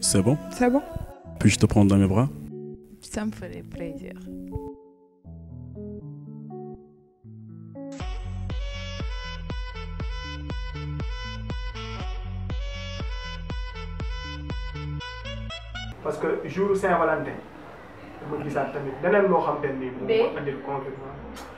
C'est bon C'est bon. Puis-je te prendre dans mes bras Ça me ferait plaisir. parce que jour Saint-Valentin je gisaat tamit leneen loo xam te ni. moom moo andil compte.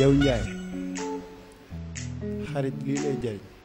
yow Ndiaye xarit gi lay jëriñ